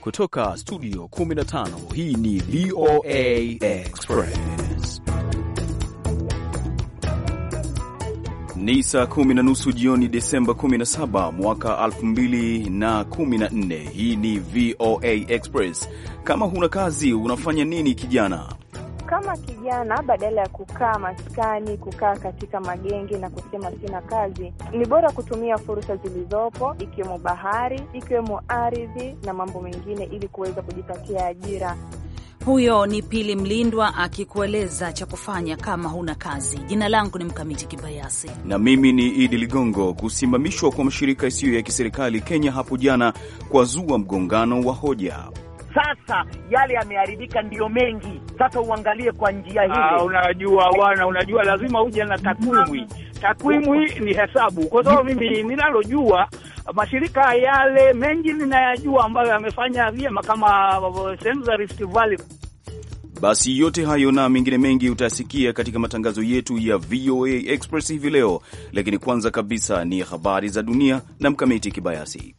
Kutoka studio 15 hii ni VOA Express. Ni saa kumi na nusu jioni Desemba 17 mwaka 2014. Hii ni VOA Express. Kama huna kazi unafanya nini kijana? kama kijana, badala ya kukaa maskani, kukaa katika magenge na kusema sina kazi, ni bora kutumia fursa zilizopo, ikiwemo bahari, ikiwemo ardhi na mambo mengine, ili kuweza kujipatia ajira. Huyo ni Pili Mlindwa akikueleza cha kufanya kama huna kazi. Jina langu ni Mkamiti Kibayasi na mimi ni Idi Ligongo. Kusimamishwa kwa mashirika isiyo ya kiserikali Kenya hapo jana kwa zua mgongano wa hoja. Sasa yale yameharibika ndiyo mengi, sasa uangalie kwa njia ah, hile. Unajua bwana, unajua lazima uje na takwimu. Takwimu hii ni hesabu, kwa sababu mimi ninalojua mashirika yale mengi ninayajua ambayo yamefanya vyema kama uh, sehemu za Rift Valley. Basi yote hayo na mengine mengi utayasikia katika matangazo yetu ya VOA Express hivi leo, lakini kwanza kabisa ni habari za dunia na Mkamiti Kibayasi.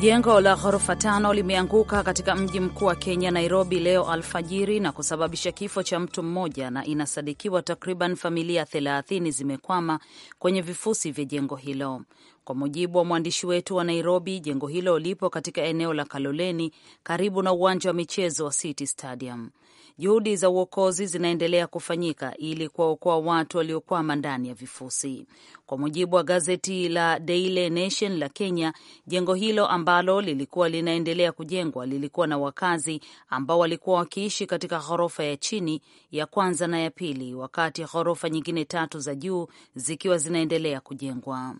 Jengo la ghorofa tano limeanguka katika mji mkuu wa Kenya, Nairobi, leo alfajiri na kusababisha kifo cha mtu mmoja, na inasadikiwa takriban familia 30 zimekwama kwenye vifusi vya jengo hilo. Kwa mujibu wa mwandishi wetu wa Nairobi, jengo hilo lipo katika eneo la Kaloleni karibu na uwanja wa michezo wa City Stadium. Juhudi za uokozi zinaendelea kufanyika ili kuwaokoa watu waliokwama ndani ya vifusi. Kwa mujibu wa gazeti la Daily Nation la Kenya, jengo hilo ambalo lilikuwa linaendelea kujengwa lilikuwa na wakazi ambao walikuwa wakiishi katika ghorofa ya chini, ya kwanza na ya pili, wakati ghorofa nyingine tatu za juu zikiwa zinaendelea kujengwa.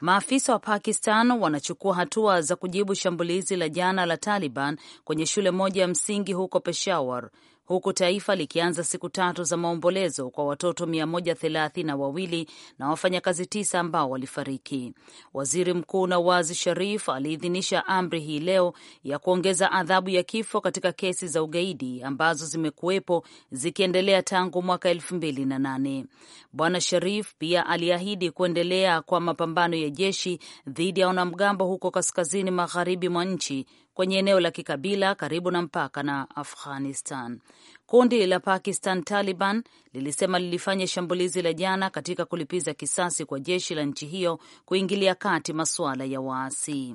Maafisa wa Pakistan wanachukua hatua za kujibu shambulizi la jana la Taliban kwenye shule moja ya msingi huko Peshawar huku taifa likianza siku tatu za maombolezo kwa watoto mia moja thelathini na wawili na wafanyakazi tisa ambao walifariki. Waziri Mkuu Nawaz Sharif aliidhinisha amri hii leo ya kuongeza adhabu ya kifo katika kesi za ugaidi ambazo zimekuwepo zikiendelea tangu mwaka elfu mbili na nane. Bwana Sharif pia aliahidi kuendelea kwa mapambano ya jeshi dhidi ya wanamgambo huko kaskazini magharibi mwa nchi kwenye eneo la kikabila karibu na mpaka na Afghanistan. Kundi la Pakistan Taliban lilisema lilifanya shambulizi la jana katika kulipiza kisasi kwa jeshi la nchi hiyo kuingilia kati masuala ya waasi.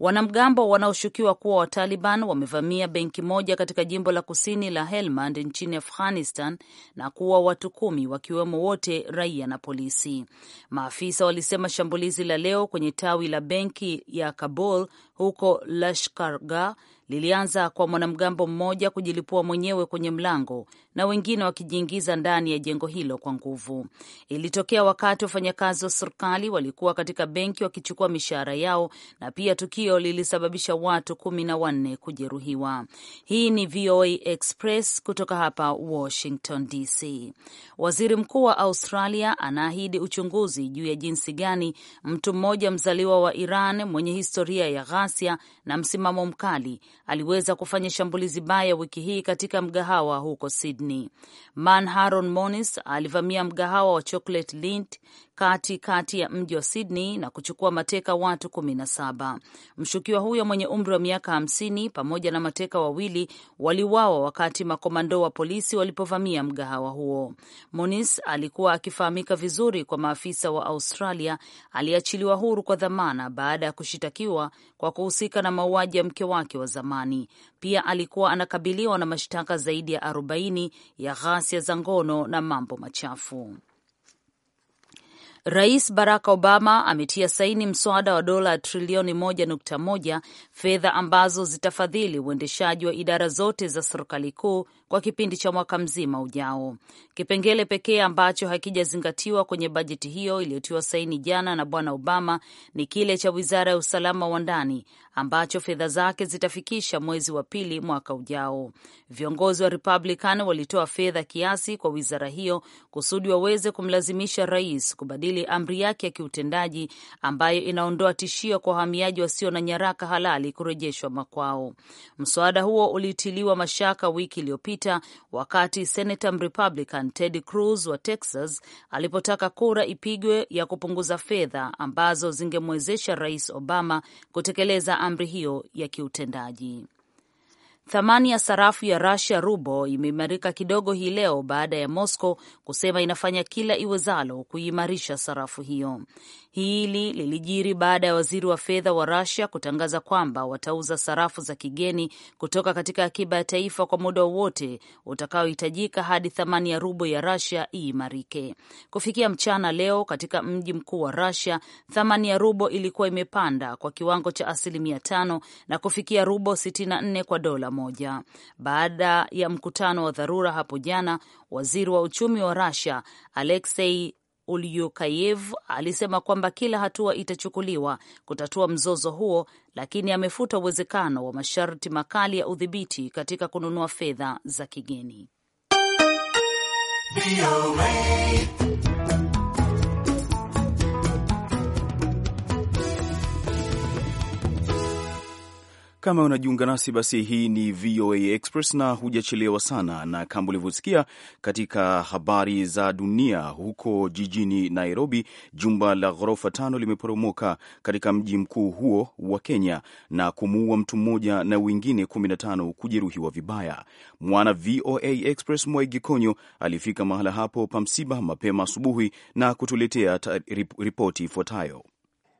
Wanamgambo wanaoshukiwa kuwa wa Taliban wamevamia benki moja katika jimbo la kusini la Helmand nchini Afghanistan na kuwa watu kumi, wakiwemo wote raia na polisi. Maafisa walisema shambulizi la leo kwenye tawi la benki ya Kabul huko lashkarga lilianza kwa mwanamgambo mmoja kujilipua mwenyewe kwenye mlango na wengine wakijiingiza ndani ya jengo hilo kwa nguvu. Ilitokea wakati wafanyakazi wa serikali walikuwa katika benki wakichukua mishahara yao, na pia tukio lilisababisha watu kumi na wanne kujeruhiwa. Hii ni VOA Express kutoka hapa Washington DC. Waziri Mkuu wa Australia anaahidi uchunguzi juu ya jinsi gani mtu mmoja mzaliwa wa Iran mwenye historia ya ghasia na msimamo mkali, aliweza kufanya shambulizi baya wiki hii katika mgahawa huko Sydney. Manharon Monis alivamia mgahawa wa Chocolate Lint kati kati ya mji wa Sydney na kuchukua mateka watu kumi na saba. Mshukiwa huyo mwenye umri wa miaka hamsini pamoja na mateka wawili waliuawa wakati makomando wa polisi walipovamia mgahawa huo. Monis alikuwa akifahamika vizuri kwa maafisa wa Australia, aliachiliwa huru kwa dhamana baada ya kushitakiwa kwa kuhusika na mauaji ya mke wake wa zamani. Pia alikuwa anakabiliwa na mashtaka zaidi ya 40 ya ghasia za ngono na mambo machafu. Rais Barack Obama ametia saini mswada wa dola trilioni 1.1, fedha ambazo zitafadhili uendeshaji wa idara zote za serikali kuu kwa kipindi cha mwaka mzima ujao. Kipengele pekee ambacho hakijazingatiwa kwenye bajeti hiyo iliyotiwa saini jana na Bwana Obama ni kile cha wizara ya usalama wa ndani ambacho fedha zake zitafikisha mwezi wa pili mwaka ujao. Viongozi wa Republican walitoa fedha kiasi kwa wizara hiyo kusudi waweze kumlazimisha rais kubadili amri yake ya kiutendaji ambayo inaondoa tishio kwa wahamiaji wasio na nyaraka halali kurejeshwa makwao. Mswada huo ulitiliwa mashaka wiki iliyopita wakati senata Mrepublican Ted Cruz wa Texas alipotaka kura ipigwe ya kupunguza fedha ambazo zingemwezesha Rais Obama kutekeleza amri hiyo ya kiutendaji. Thamani ya sarafu ya Russia rubo imeimarika kidogo hii leo baada ya Moscow kusema inafanya kila iwezalo kuimarisha sarafu hiyo. Hili lilijiri baada ya waziri wa fedha wa rasia kutangaza kwamba watauza sarafu za kigeni kutoka katika akiba ya taifa kwa muda wowote utakaohitajika hadi thamani ya rubo ya rasia iimarike. Kufikia mchana leo, katika mji mkuu wa rasia thamani ya rubo ilikuwa imepanda kwa kiwango cha asilimia tano na kufikia rubo 64 kwa dola moja. Baada ya mkutano wa dharura hapo jana, waziri wa uchumi wa rusia Aleksei Ulyukayev alisema kwamba kila hatua itachukuliwa kutatua mzozo huo, lakini amefuta uwezekano wa masharti makali ya udhibiti katika kununua fedha za kigeni. Kama unajiunga nasi basi, hii ni VOA Express na hujachelewa sana, na kama ulivyosikia katika habari za dunia, huko jijini Nairobi jumba la ghorofa tano limeporomoka katika mji mkuu huo wa Kenya na kumuua mtu mmoja na wengine 15 kujeruhiwa vibaya. Mwana VOA Express Mwaigi Konyo alifika mahala hapo pa msiba mapema asubuhi na kutuletea ripoti ifuatayo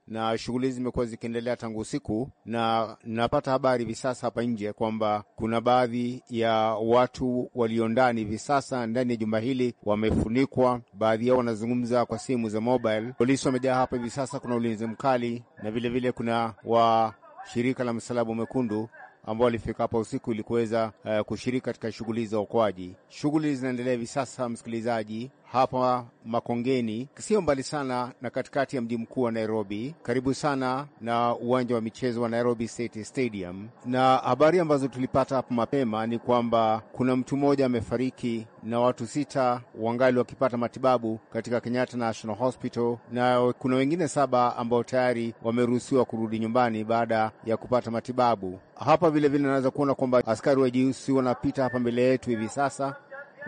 na shughuli zimekuwa zikiendelea tangu usiku, na napata habari hivi sasa hapa nje kwamba kuna baadhi ya watu walio ndani hivi sasa ndani ya jumba hili wamefunikwa, baadhi yao wanazungumza kwa simu za mobile. Polisi wamejaa hapa hivi sasa, kuna ulinzi mkali, na vilevile kuna wa shirika la Msalaba Mwekundu ambao walifika hapa usiku ili kuweza uh, kushiriki katika shughuli za uokoaji. Shughuli zinaendelea hivi sasa, msikilizaji, hapa Makongeni, sio mbali sana na katikati ya mji mkuu wa Nairobi, karibu sana na uwanja wa michezo wa Nairobi State Stadium. Na habari ambazo tulipata hapo mapema ni kwamba kuna mtu mmoja amefariki na watu sita wangali wakipata matibabu katika Kenyatta National Hospital, na kuna wengine saba ambao tayari wameruhusiwa kurudi nyumbani baada ya kupata matibabu. Hapa vilevile, naweza kuona kwamba askari wa wajiusi wanapita hapa mbele yetu hivi sasa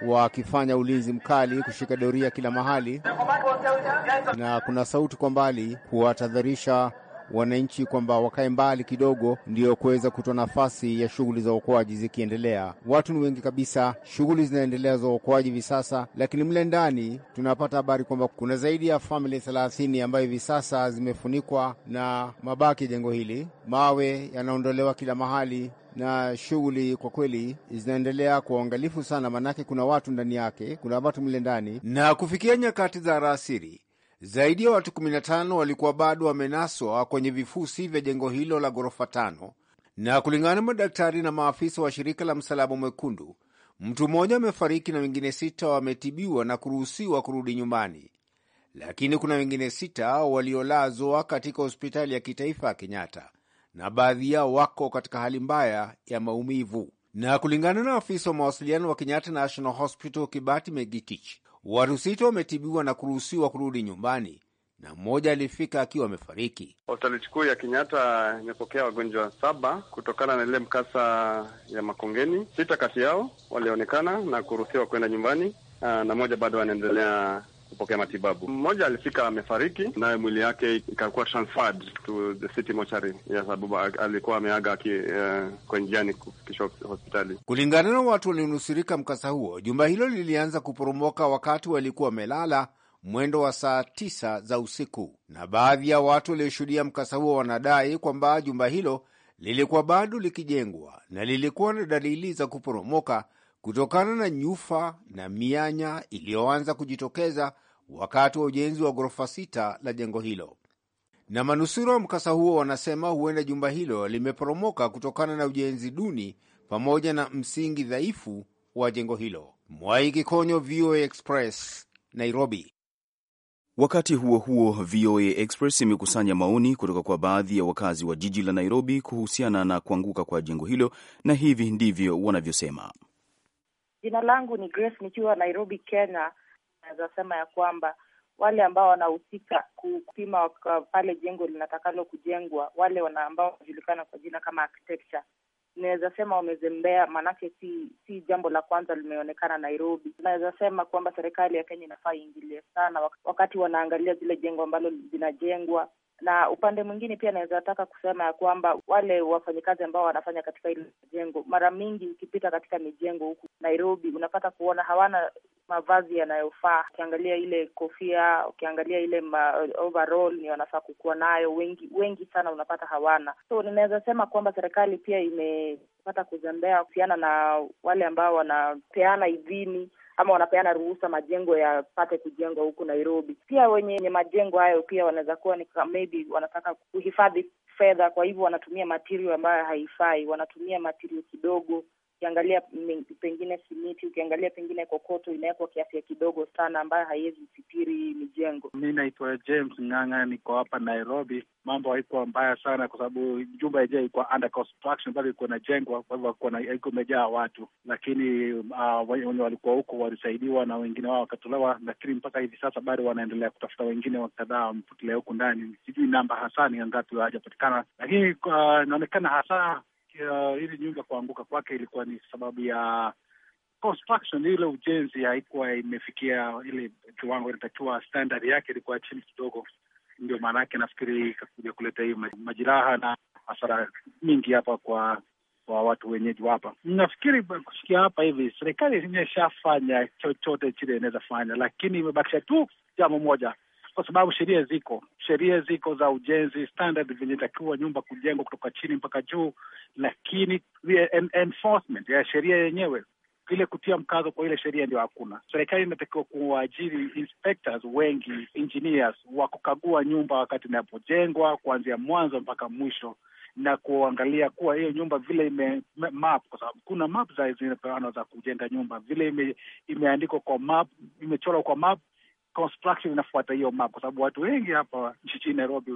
wakifanya ulinzi mkali, kushika doria kila mahali, na kuna sauti kwa mbali kuwatahadharisha wananchi kwamba wakae mbali kidogo, ndio kuweza kutoa nafasi ya shughuli za uokoaji zikiendelea. Watu ni wengi kabisa, shughuli zinaendelea za uokoaji hivi sasa, lakini mle ndani tunapata habari kwamba kuna zaidi ya famili thelathini ambayo hivi sasa zimefunikwa na mabaki ya jengo hili. Mawe yanaondolewa kila mahali, na shughuli kwa kweli zinaendelea kwa uangalifu sana, maanake kuna watu ndani yake, kuna watu mle ndani. Na kufikia nyakati za alasiri, zaidi ya watu 15 walikuwa bado wamenaswa kwenye vifusi vya jengo hilo la ghorofa tano, na kulingana na madaktari na maafisa wa shirika la Msalaba Mwekundu, mtu mmoja amefariki na wengine sita wametibiwa na kuruhusiwa kurudi nyumbani, lakini kuna wengine sita waliolazwa katika hospitali ya kitaifa ya Kenyatta na baadhi yao wako katika hali mbaya ya maumivu. Na kulingana na afisa wa mawasiliano wa Kenyatta National Hospital Kibati Megitich, watu sita wametibiwa na kuruhusiwa kurudi nyumbani na mmoja alifika akiwa amefariki. Hospitali kuu ya Kenyatta imepokea wagonjwa saba kutokana na ile mkasa ya Makongeni. Sita kati yao walionekana na kuruhusiwa kwenda nyumbani ah, na moja bado anaendelea kupokea matibabu. Mmoja alifika amefariki, naye mwili yake ikakuwa transferred to the city mortuary ya sababu alikuwa ameaga ki, uh, eh, kwa njiani kufikishwa hospitali. Kulingana na watu walionusurika mkasa huo, jumba hilo lilianza kuporomoka wakati walikuwa wamelala mwendo wa saa tisa za usiku, na baadhi ya watu walioshuhudia mkasa huo wanadai kwamba jumba hilo lilikuwa bado likijengwa na lilikuwa na dalili za kuporomoka kutokana na nyufa na mianya iliyoanza kujitokeza wakati wa ujenzi wa ghorofa sita la jengo hilo. Na manusura wa mkasa huo wanasema huenda jumba hilo limeporomoka kutokana na ujenzi duni pamoja na msingi dhaifu wa jengo hilo. Mwai VOA Express, Nairobi. Wakati huo huo, VOA Express imekusanya maoni kutoka kwa baadhi ya wakazi wa jiji la Nairobi kuhusiana na kuanguka kwa jengo hilo, na hivi ndivyo wanavyosema. Jina langu ni Grace nikiwa Nairobi, Kenya. Naweza sema ya kwamba wale ambao wanahusika kupima pale jengo linatakalo kujengwa, wale wana ambao wanajulikana kwa jina kama architecture, naweza sema wamezembea, maanake si si jambo la kwanza limeonekana Nairobi. Naweza sema kwamba serikali ya Kenya inafaa iingilie sana wakati wanaangalia zile jengo ambalo zinajengwa na upande mwingine pia naweza taka kusema ya kwamba wale wafanyikazi ambao wanafanya katika ile mijengo mara mingi ukipita katika mijengo huku Nairobi unapata kuona hawana mavazi yanayofaa. Ukiangalia ile kofia, ukiangalia ile ma overall ni wanafaa kukuwa nayo, wengi wengi sana unapata hawana. So ninaweza sema kwamba serikali pia imepata kuzembea kuhusiana na wale ambao wanapeana idhini ama wanapeana ruhusa majengo yapate kujengwa huku Nairobi. Pia wenye majengo hayo pia wanaweza kuwa ni maybe wanataka kuhifadhi fedha, kwa hivyo wanatumia material ambayo haifai, wanatumia material kidogo ukiangalia pengine simiti, ukiangalia pengine kokoto inawekwa kiasi kidogo sana, ambayo haiwezi sitiri mijengo. Mi naitwa James Ng'ang'a, niko hapa Nairobi. Mambo haiko mbaya sana, kwa sababu jumba yenyewe iko under construction, bado iko najengwa, kwa hivyo iko imejaa watu, lakini uh, wenye walikuwa huko walisaidiwa na wengine wao wakatolewa, lakini mpaka hivi sasa bado wanaendelea kutafuta wengine wakadhaa wameputilia huku ndani. Sijui namba hasa ni ngapi hawajapatikana, lakini ah, inaonekana hasa uh, ili nyumba kuanguka kwake ilikuwa ni sababu ya construction, ile ujenzi haikuwa imefikia ile kiwango inatakiwa, standard yake ilikuwa chini kidogo, ndio maana yake nafikiri ikakuja kuleta hiyo majiraha na hasara mingi hapa kwa kwa watu wenyeji hapa. Nafikiri kufikia hapa hivi serikali imeshafanya chochote chile inaweza fanya, lakini imebakisha tu jambo moja kwa sababu sheria ziko, sheria ziko za ujenzi, standard vinatakiwa nyumba kujengwa kutoka chini mpaka juu, lakini enforcement ya sheria yenyewe vile kutia mkazo kwa ile sheria ndio hakuna. Serikali inatakiwa kuwaajiri inspectors wengi, engineers wa kukagua nyumba wakati inapojengwa kuanzia mwanzo mpaka mwisho na kuangalia kuwa hiyo nyumba vile ime map, kwa sababu kuna map za zinapeana za kujenga nyumba vile ime, imeandikwa kwa map, imechorwa kwa map, construction inafuata hiyo map, kwa sababu watu wengi hapa jijini Nairobi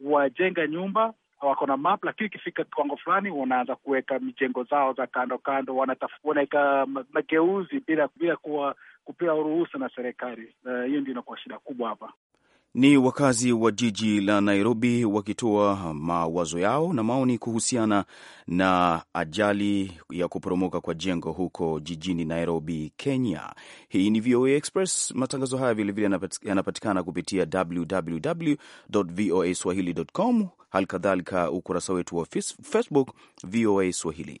wajenga nyumba wako na map, lakini ikifika kiwango fulani wanaanza kuweka mijengo zao za kando kando, wanaweka mageuzi bila bila kuwa kupewa ruhusa na serikali. Eh, hiyo uh, ndio inakuwa shida kubwa hapa. Ni wakazi wa jiji la Nairobi wakitoa mawazo yao na maoni kuhusiana na ajali ya kuporomoka kwa jengo huko jijini Nairobi, Kenya. Hii ni VOA Express. Matangazo haya vilevile yanapatikana kupitia www voa swahili.com, hali kadhalika ukurasa wetu wa Facebook VOA Swahili.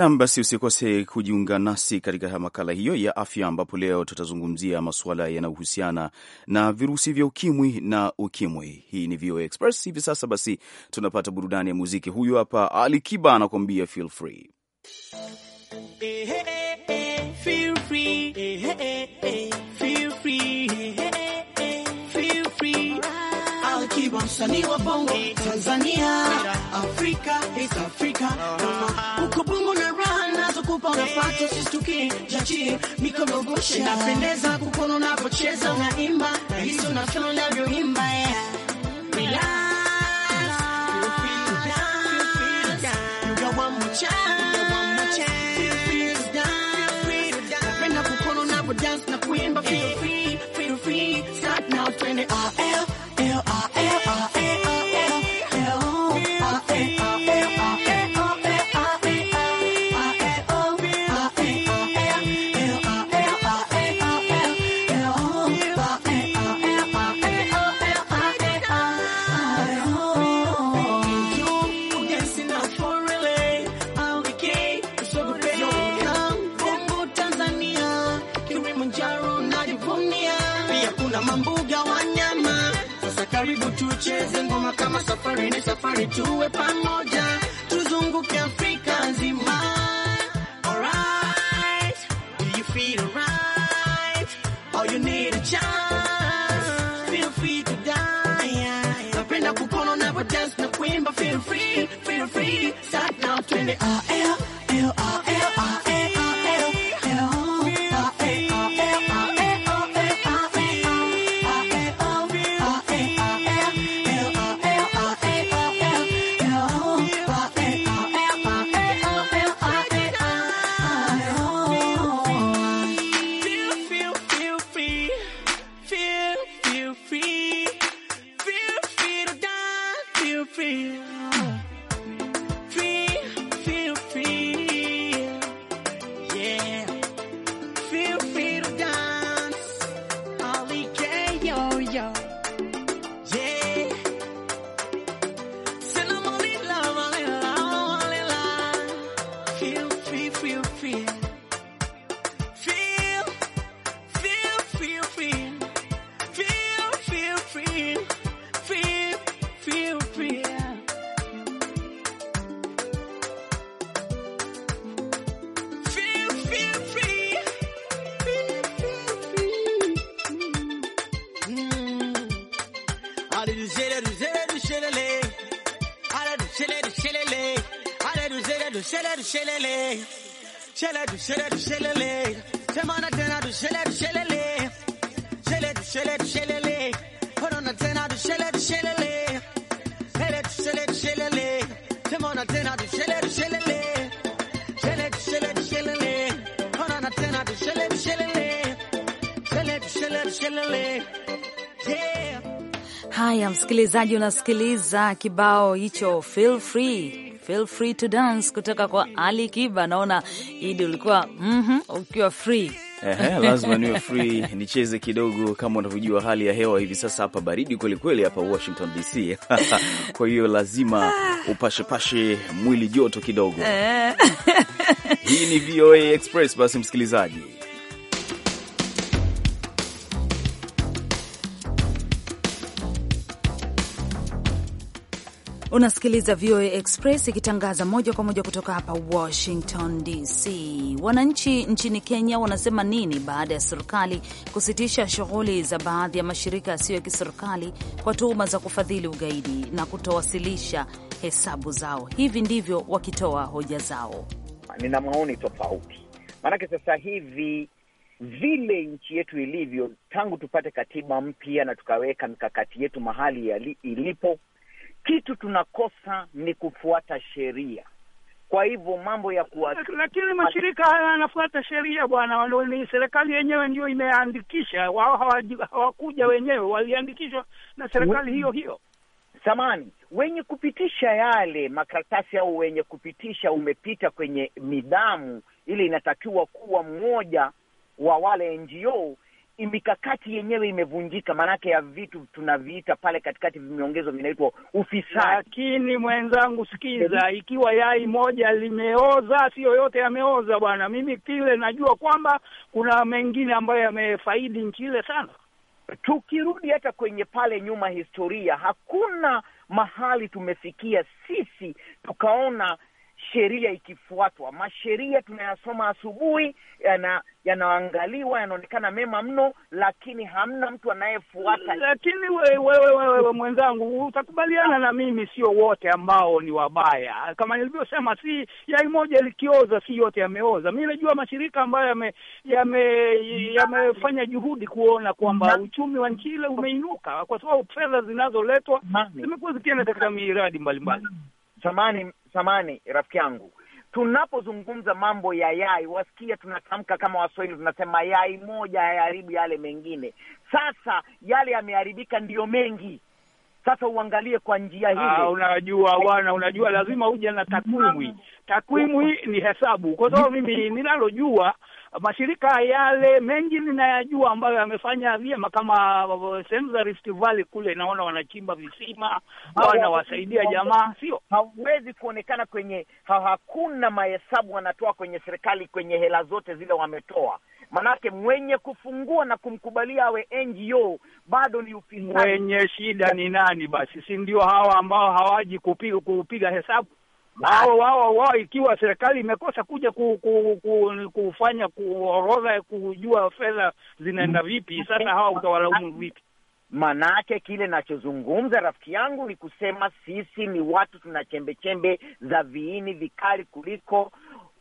Nam, basi usikose kujiunga nasi katika makala hiyo ya afya, ambapo leo tutazungumzia masuala yanayohusiana na virusi vya ukimwi na ukimwi. Hii ni VOA Express hivi sasa. Basi tunapata burudani ya muziki. Huyu hapa Ali Kiba anakuambia feel free. Msanii wa bongo Tanzania, Afrika, East Africa, huko bongo unafata sistuki jachi mikorogoshe Napendeza kukono unapocheza unaimba na hisi unafanya imba yeah. düşeler şelele Şele düşeler şelele Semana tena düşeler şelele Şele düşeler şelele Korona tena düşeler şelele Haya, msikilizaji, unasikiliza kibao hicho feel free, feel free to dance kutoka kwa Ali Kiba. Naona Idi ulikuwa mm -hmm, ukiwa free Ehe, lazima niwe free nicheze kidogo. Kama unavyojua hali ya hewa hivi sasa hapa baridi kwelikweli, hapa Washington DC kwa hiyo lazima upashepashe mwili joto kidogo. Eh. Hii ni VOA Express. Basi msikilizaji Unasikiliza VOA Express ikitangaza moja kwa moja kutoka hapa Washington DC. Wananchi nchini Kenya wanasema nini baada ya serikali kusitisha shughuli za baadhi ya mashirika yasiyo ya kiserikali kwa tuhuma za kufadhili ugaidi na kutowasilisha hesabu zao? Hivi ndivyo wakitoa hoja zao. Nina maoni tofauti, maanake sasa hivi vile nchi yetu ilivyo, tangu tupate katiba mpya na tukaweka mikakati yetu mahali ilipo kitu tunakosa ni kufuata sheria. Kwa hivyo mambo ya kuwa... lakini mashirika haya yanafuata sheria bwana, ni serikali yenyewe ndio imeandikisha wao, hawakuja wenyewe, waliandikishwa na serikali hiyo hiyo. Samani wenye kupitisha yale makaratasi au wenye kupitisha umepita kwenye midhamu ile, inatakiwa kuwa mmoja wa wale NGO mikakati yenyewe imevunjika, maanake ya vitu tunaviita pale katikati vimeongezwa, vinaitwa ufisadi. Lakini mwenzangu, sikiza, ikiwa yai moja limeoza, siyo yote yameoza bwana. Mimi kile najua kwamba kuna mengine ambayo yamefaidi nchi ile sana. Tukirudi hata kwenye pale nyuma historia, hakuna mahali tumefikia sisi tukaona sheria ikifuatwa. Masheria tunayasoma asubuhi yana, yanaangaliwa yanaonekana mema mno, lakini hamna mtu anayefuata. Lakini wewe wewe we, we, mwenzangu utakubaliana na mimi, sio wote ambao ni wabaya. Kama nilivyosema, si yai moja likioza, si yote yameoza. Mi najua mashirika ambayo yame- yame- yamefanya juhudi kuona kwamba uchumi wa nchi ile umeinuka, kwa sababu fedha zinazoletwa zimekuwa zikienda katika miradi mbalimbali. Samani samani rafiki yangu, tunapozungumza mambo ya yai, wasikia tunatamka kama Waswahili tunasema yai moja hayaharibu yale mengine. Sasa yale yameharibika ndiyo mengi. Sasa uangalie kwa njia hii. Ah, unajua bwana, unajua lazima uje na takwimu. Takwimu hii ni hesabu, kwa sababu mimi ninalojua mashirika yale mengi ninayajua ambayo yamefanya vyema kama uh, sehemu za Rift Valley kule, naona wanachimba visima, wanawasaidia jamaa, sio hauwezi kuonekana kwenye ha, hakuna mahesabu wanatoa kwenye serikali kwenye hela zote zile wametoa manake mwenye kufungua na kumkubalia awe NGO bado ni upinzani. Mwenye shida ni nani? Basi si ndio hawa ambao hawaji kupiga, kupiga hesabu wao wao wao, ikiwa serikali imekosa kuja ku, ku, ku, kufanya kuorodha kujua fedha zinaenda vipi, sasa hawa utawalaumu vipi? Manake kile nachozungumza rafiki yangu ni kusema sisi ni watu tuna chembe chembe za viini vikali kuliko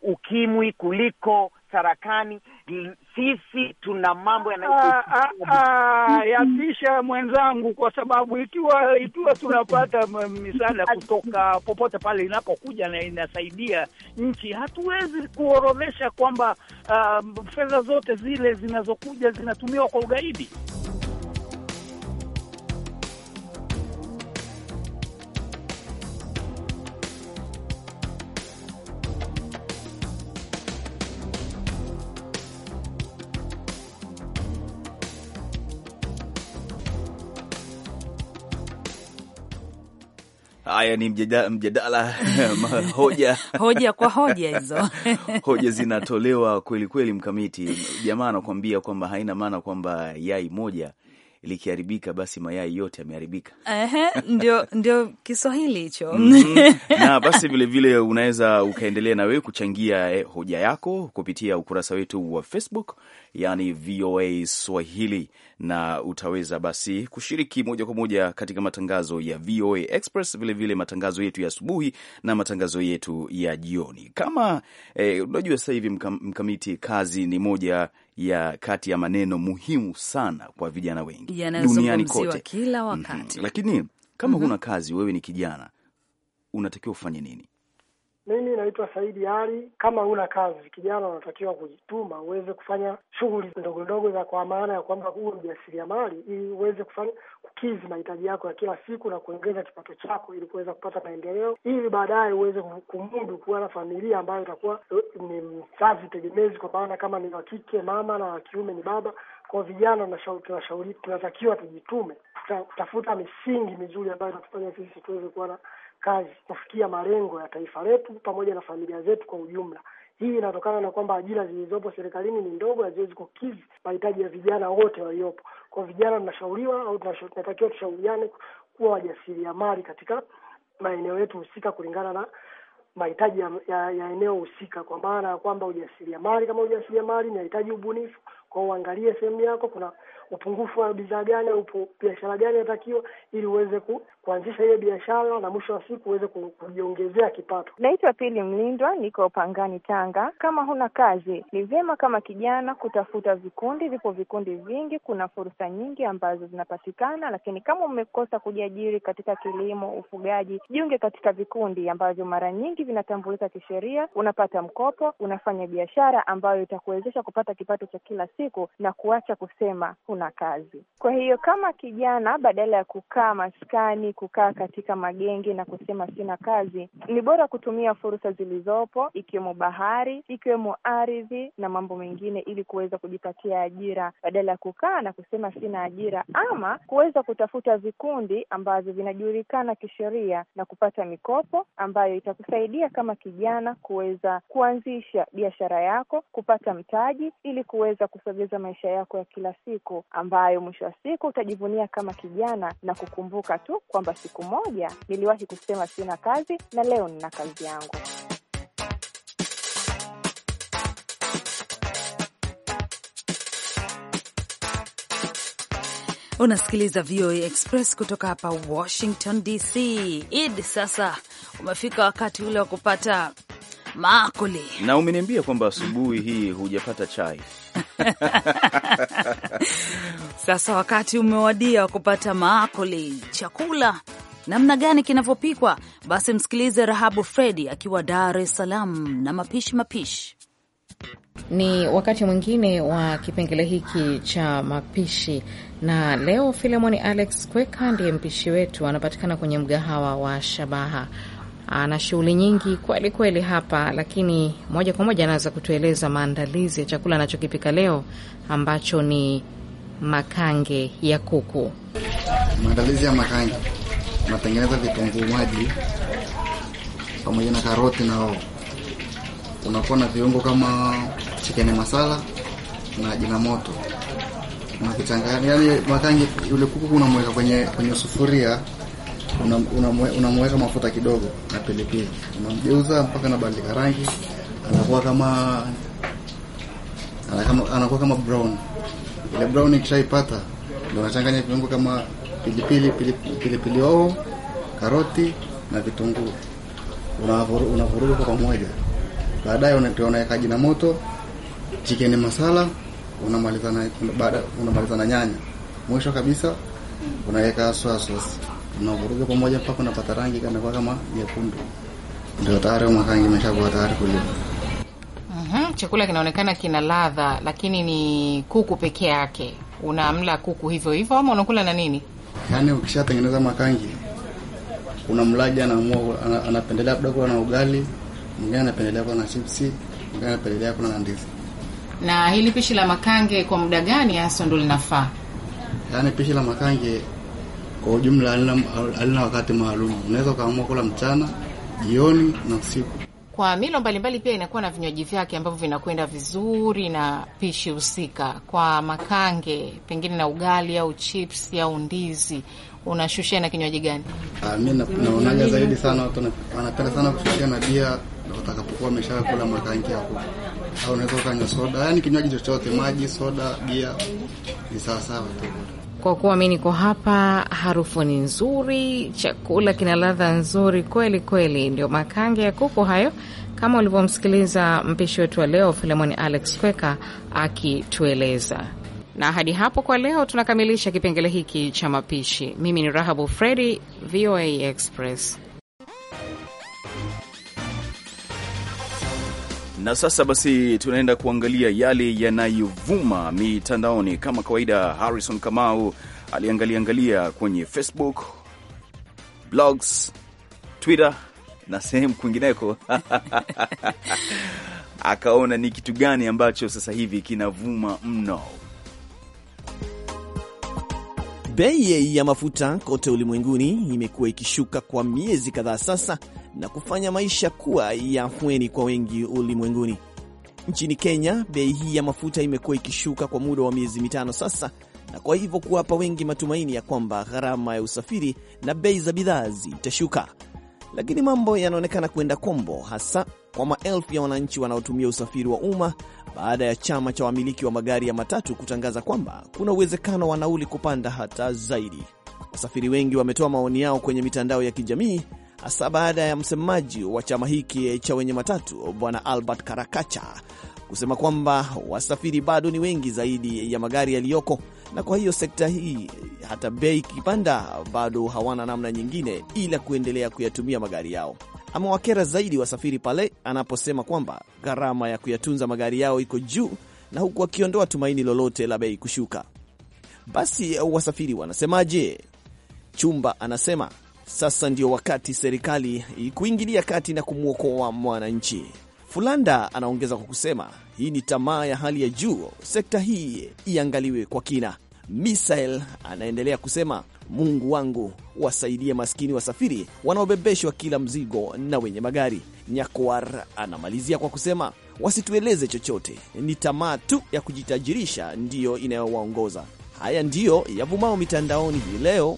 ukimwi kuliko sarakani sisi tuna mambo yanayoyatisha ah, ah, ah, mwenzangu, kwa sababu ikiwa ikiwa tunapata misaada kutoka popote pale inapokuja na inasaidia nchi, hatuwezi kuorodhesha kwamba uh, fedha zote zile zinazokuja zinatumiwa kwa ugaidi. Haya ni mjadala, mjadala hoja hoja kwa hoja hizo hoja zinatolewa kweli kweli, mkamiti jamaa anakuambia kwamba haina maana kwamba yai moja likiharibika, basi mayai yote yameharibika. Ndio, ndio Kiswahili hicho. mm -hmm. Na basi vilevile unaweza ukaendelea na wewe kuchangia eh, hoja yako kupitia ukurasa wetu wa Facebook yani VOA Swahili, na utaweza basi kushiriki moja kwa moja katika matangazo ya VOA Express, vilevile vile matangazo yetu ya asubuhi na matangazo yetu ya jioni. Kama eh, unajua sasa hivi mkam, mkamiti kazi ni moja ya kati ya maneno muhimu sana kwa vijana wengi duniani kote kila mhm. wakati. Mm -hmm. Lakini kama mm -hmm. huna kazi, wewe ni kijana, unatakiwa ufanye nini? Mimi naitwa Saidi Ali. Kama una kazi, kijana, unatakiwa kujituma uweze kufanya shughuli ndogo ndogo za kwa maana ya kwamba huo mjasiriamali, ili uweze kufanya kukizi mahitaji yako ya kila siku na kuongeza kipato chako, ili kuweza kupata maendeleo, ili baadaye uweze kumudu kuwa na familia ambayo itakuwa eh, ni mzazi tegemezi, kwa maana kama ni wa kike mama na wa kiume ni baba. Kwa vijana tunashauri, tunatakiwa tujitume, tutafuta misingi mizuri ambayo inatufanya sisi tuweze kuwa na kazi kufikia malengo ya taifa letu pamoja na familia zetu kwa ujumla. Hii inatokana na kwamba ajira zilizopo serikalini ni ndogo, haziwezi kukidhi mahitaji ya vijana wote waliopo. Kwa vijana, tunashauriwa au tunatakiwa tushauriane kuwa wajasiriamali katika maeneo yetu husika kulingana na mahitaji ya, ya, ya eneo husika, kwa maana ya kwamba ujasiriamali kama ujasiriamali inahitaji ubunifu. Kwa uangalie sehemu yako kuna upungufu wa bidhaa gani au biashara gani inatakiwa, ili uweze kuanzisha hiyo biashara na mwisho wa siku uweze kujiongezea kipato. Naitwa Pili Mlindwa, niko Pangani, Tanga. Kama huna kazi, ni vyema kama kijana kutafuta vikundi. Vipo vikundi vingi, kuna fursa nyingi ambazo zinapatikana, lakini kama umekosa kujiajiri katika kilimo, ufugaji, jiunge katika vikundi ambavyo mara nyingi vinatambulika kisheria. Unapata mkopo, unafanya biashara ambayo itakuwezesha kupata kipato cha kila siku na kuacha kusema huna kazi. Kwa hiyo kama kijana, badala ya kukaa maskani kukaa katika magenge na kusema sina kazi. Ni bora kutumia fursa zilizopo, ikiwemo bahari, ikiwemo ardhi na mambo mengine, ili kuweza kujipatia ajira badala ya kukaa na kusema sina ajira, ama kuweza kutafuta vikundi ambavyo vinajulikana kisheria na kupata mikopo ambayo itakusaidia kama kijana kuweza kuanzisha biashara yako, kupata mtaji ili kuweza kusogeza maisha yako ya kila siku, ambayo mwisho wa siku utajivunia kama kijana na kukumbuka tu kwa kwamba siku moja niliwahi kusema sina kazi na leo nina kazi yangu. Unasikiliza VOA Express kutoka hapa Washington DC. Id, sasa umefika wakati ule wa kupata maakuli, na umeniambia kwamba asubuhi hii hujapata chai. Sasa wakati umewadia wa kupata maakoli chakula namna gani kinavyopikwa. Basi msikilize Rahabu Fredi akiwa Dar es Salaam na mapishi mapishi ni wakati mwingine wa kipengele hiki cha mapishi, na leo Filemoni Alex Kweka ndiye mpishi wetu, anapatikana kwenye mgahawa wa Shabaha ana shughuli nyingi kweli kweli hapa, lakini moja kwa moja anaweza kutueleza maandalizi ya chakula anachokipika leo ambacho ni makange ya kuku. Maandalizi ya makange, unatengeneza vitunguu maji pamoja na karoti na hoho. Unakuwa na viungo kama chikeni masala na jina moto, unakichanganya. Yani makange, yule kuku unamweka kwenye, kwenye sufuria unamweka una mafuta kidogo na pilipili, unamgeuza mpaka anabadilika rangi, anakuwa kama anakuwa kama brown. Ile brown ikishaipata, ndio unachanganya viungo kama pilipili pilipili, pilipili hoho, karoti na vitunguu, unavuruga kwa pamoja. Baadaye unaweka jina moto, chicken masala, unamaliza na unamaliza na nyanya. Mwisho kabisa unaweka soya sauce tunavuruga pamoja mpaka unapata rangi kana kwa kama nyekundu, ndio tayari makangi imeshakuwa tayari kuliwa. Mm-hmm. Chakula kinaonekana kina ladha, lakini ni kuku peke yake. Unamla kuku hivyo hivyo ama unakula na nini? Yaani ukishatengeneza makangi kuna mlaji anaamua anapendelea labda kula na ugali, mwingine anapendelea kula na chipsi, mwingine anapendelea kula na ndizi. Na hili pishi la makange kwa muda gani hasa ndo linafaa? Yaani pishi la makange kwa ujumla halina wakati maalum, unaweza ukaamua kula mchana, jioni na usiku. Kwa milo mbalimbali pia inakuwa na vinywaji vyake ambavyo vinakwenda vizuri na pishi husika. Kwa makange pengine na ugali au chips au ndizi, unashushia na kinywaji gani? Ah, Mi naonaga zaidi sana watu wanapenda sana kushushia na bia watakapokuwa wameshakula kula makangi yako, au unaweza ukanywa soda, yaani kinywaji chochote, maji, soda, bia ni sawasawa tu. Kwa kuwa mi niko hapa, harufu ni nzuri, chakula kina ladha nzuri kweli kweli. Ndio makange ya kuku hayo, kama ulivyomsikiliza mpishi wetu wa leo Filemoni Alex Kweka akitueleza. Na hadi hapo kwa leo tunakamilisha kipengele hiki cha mapishi. Mimi ni Rahabu Fredi, VOA Express. Na sasa basi tunaenda kuangalia yale yanayovuma mitandaoni. Kama kawaida, Harrison Kamau aliangaliangalia kwenye Facebook, blogs, Twitter na sehemu kwingineko akaona ni kitu gani ambacho sasa hivi kinavuma mno. Bei ya mafuta kote ulimwenguni imekuwa ikishuka kwa miezi kadhaa sasa, na kufanya maisha kuwa ya afueni kwa wengi ulimwenguni. Nchini Kenya, bei hii ya mafuta imekuwa ikishuka kwa muda wa miezi mitano sasa, na kwa hivyo kuwapa wengi matumaini ya kwamba gharama ya usafiri na bei za bidhaa zitashuka. Lakini mambo yanaonekana kwenda kombo, hasa kwa maelfu ya wananchi wanaotumia usafiri wa umma baada ya chama cha wamiliki wa magari ya matatu kutangaza kwamba kuna uwezekano wa nauli kupanda hata zaidi. Wasafiri wengi wametoa maoni yao kwenye mitandao ya kijamii hasa baada ya msemaji wa chama hiki cha wenye matatu Bwana Albert Karakacha kusema kwamba wasafiri bado ni wengi zaidi ya magari yaliyoko, na kwa hiyo sekta hii hata bei ikipanda bado hawana namna nyingine ila kuendelea kuyatumia magari yao. Amewakera zaidi wasafiri pale anaposema kwamba gharama ya kuyatunza magari yao iko juu, na huku akiondoa tumaini lolote la bei kushuka. Basi wasafiri wanasemaje? Chumba anasema sasa ndio wakati serikali kuingilia kati na kumwokoa mwananchi. Fulanda anaongeza kwa kusema hii ni tamaa ya hali ya juu, sekta hii iangaliwe kwa kina. Misael anaendelea kusema Mungu wangu, wasaidie maskini wasafiri wanaobebeshwa kila mzigo na wenye magari. Nyakwar anamalizia kwa kusema wasitueleze chochote, ni tamaa tu ya kujitajirisha ndiyo inayowaongoza. Haya ndiyo yavumao mitandaoni hii leo.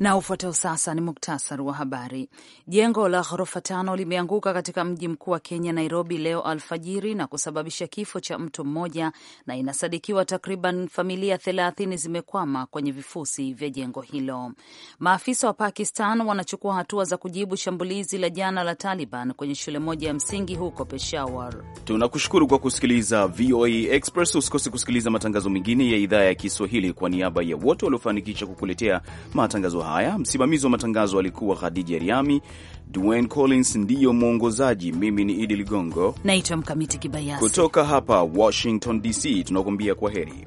Na ufuatao sasa ni muktasari wa habari. Jengo la ghorofa tano limeanguka katika mji mkuu wa Kenya, Nairobi, leo alfajiri na kusababisha kifo cha mtu mmoja, na inasadikiwa takriban familia thelathini zimekwama kwenye vifusi vya jengo hilo. Maafisa wa Pakistan wanachukua hatua za kujibu shambulizi la jana la Taliban kwenye shule moja ya msingi huko Peshawar. Tunakushukuru kwa kusikiliza VOA Express. Usikose kusikiliza matangazo mengine ya idhaa ya Kiswahili. Kwa niaba ya wote waliofanikisha kukuletea matangazo haya. Msimamizi wa matangazo alikuwa Khadija Riami, Dwayne Collins ndiyo mwongozaji. Mimi ni Idi Ligongo, naitwa Mkamiti Kibayasi, kutoka hapa Washington DC, tunakuambia kwa heri.